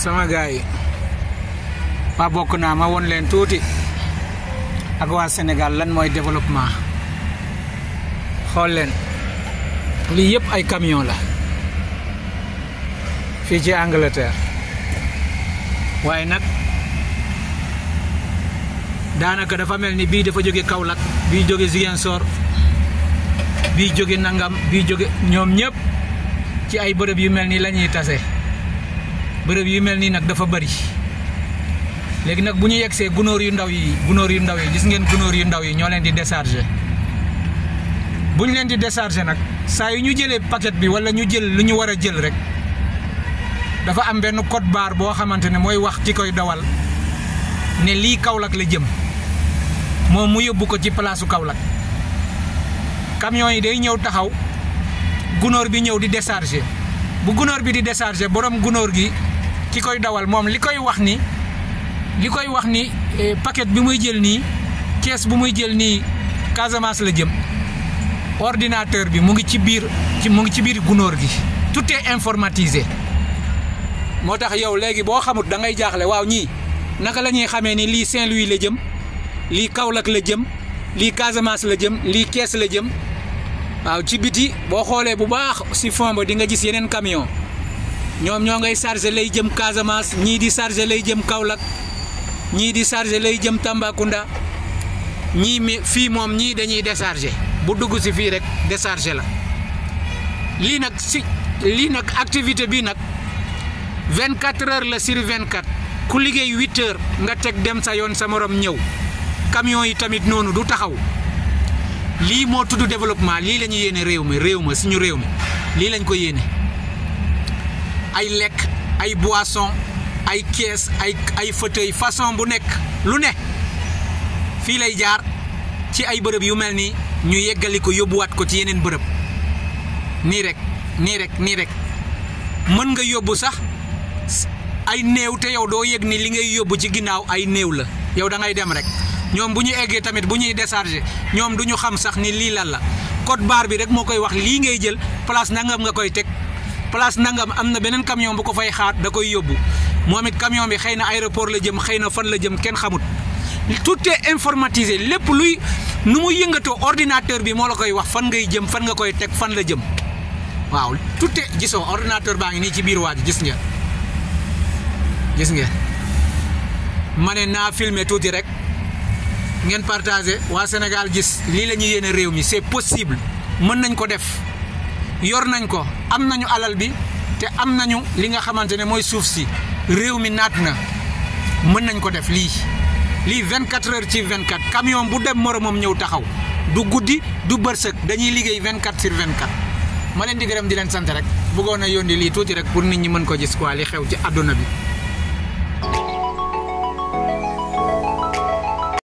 sama gars yi waa bokk naa ma won leen tuuti ak waa Sénégal lan mooy développement xool leen lii yëpp ay camion la fii ci Angleterre waaye nag daanaka dafa mel ni bii dafa jóge Kaolack bii jóge Ziguinchor bii jóge Nangam bii jóge ñoom ñépp ci ay bërëb yu mel nii lañuy tase bërëb yu mel nii nag dafa bari léegi nag bu ñu yegsee gunóor yu ndaw yi gunóor yu ndaw yi gis ngeen gunóor yu ndaw yi ñoo leen di décharger buñ leen di décharger nag saa yu ñu jëlee paquet bi wala ñu jël lu ñu war a jël rek dafa am benn code barre boo xamante ne mooy wax ki koy dawal ne lii Kaolack la jëm moom mu yóbbu ko ci palaasu Kaolack camion yi day ñëw taxaw gunóor bi ñëw di décharger bu gunóor bi di décharger borom gunóor gi ki koy dawal mom li wax ni li wax ni e, paquet bi muy jël ni caisse bu muy jël ni Casamance la jëm ordinateur bi mu ngi ci bir ci mu ngi ci bir gunor gi tout est informatisé motax yow léegi bo xamut da ngay jaxlé waw ñi naka lañuy xamé ni li Saint-Louis la jëm li Kaolack la jëm li Casamance la jëm li caisse la jëm waw ci biti bo xolé bu baax ci fond ba di nga gis yenen camion ñom ñoo ngay charger lay jëm Casamance ñi di charger lay jëm Kaolack ñi di charger lay jëm Tambacounda ñi mi fii moom ñii dañuy décharger bu dugg ci fi rek décharger la li nak si lii activité bi nak 24 heures la sur 24 ku liggéey 8 heures nga tek dem sa yoon sa morom ñew camion yi tamit nonu du taxaw li mo tuddu développement li lañuy ñu yéene réew mi réew ma suñu réew mi lañ ko yéene ay lek ay boisson ay caisse ay ay fauteuil façon bu nek lu ne fi lay jaar ci ay bërëb yu melni ni ñu yeggali ko wat ko ci yeneen bërëb ni rek ni rek ni rek mën nga yóbbu sax ay neew te yow do yëg ni li ngay yóbbu ci ginnaaw ay neew la yow da ngay dem rek ñom buñu eggé tamit buñu décharger ñom duñu xam sax ni li lan la code barre bi rek mo koy wax li ngay jël place nangam nga koy tek. place nangam am na beneen camion bu ko fay xaar da koy yóbbu moom it camion bi xëy na aéroport la jëm xëy na fan la jëm kenn xamut tout est informatisé lépp luy nu mu yëngatoo ordinateur bi moo la koy wax fan ngay jëm fan nga koy teg fan la jëm waaw tout est gisoo ordinateur baa ngi nii ci biir waaj gis ngeen gis ngeen ma naa filmer tuuti rek ngeen partagé waa Sénégal gis lii la ñu yéene réew mi c'est possible mën nañ ko def. yor nañ ko am nañu alal bi te am nañu li nga xamante ne mooy suuf si réew mi naat na mën nañ ko def lii lii 24 heures ci 24 camion bu dem moromam ñëw taxaw du guddi du bërsëg dañuy liggéey 24 sur 24 ma leen di gërëm di leen sant rek bëggoon a yónni lii tuuti rek pour nit ñi mën ko gis quoi li xew ci àdduna bi.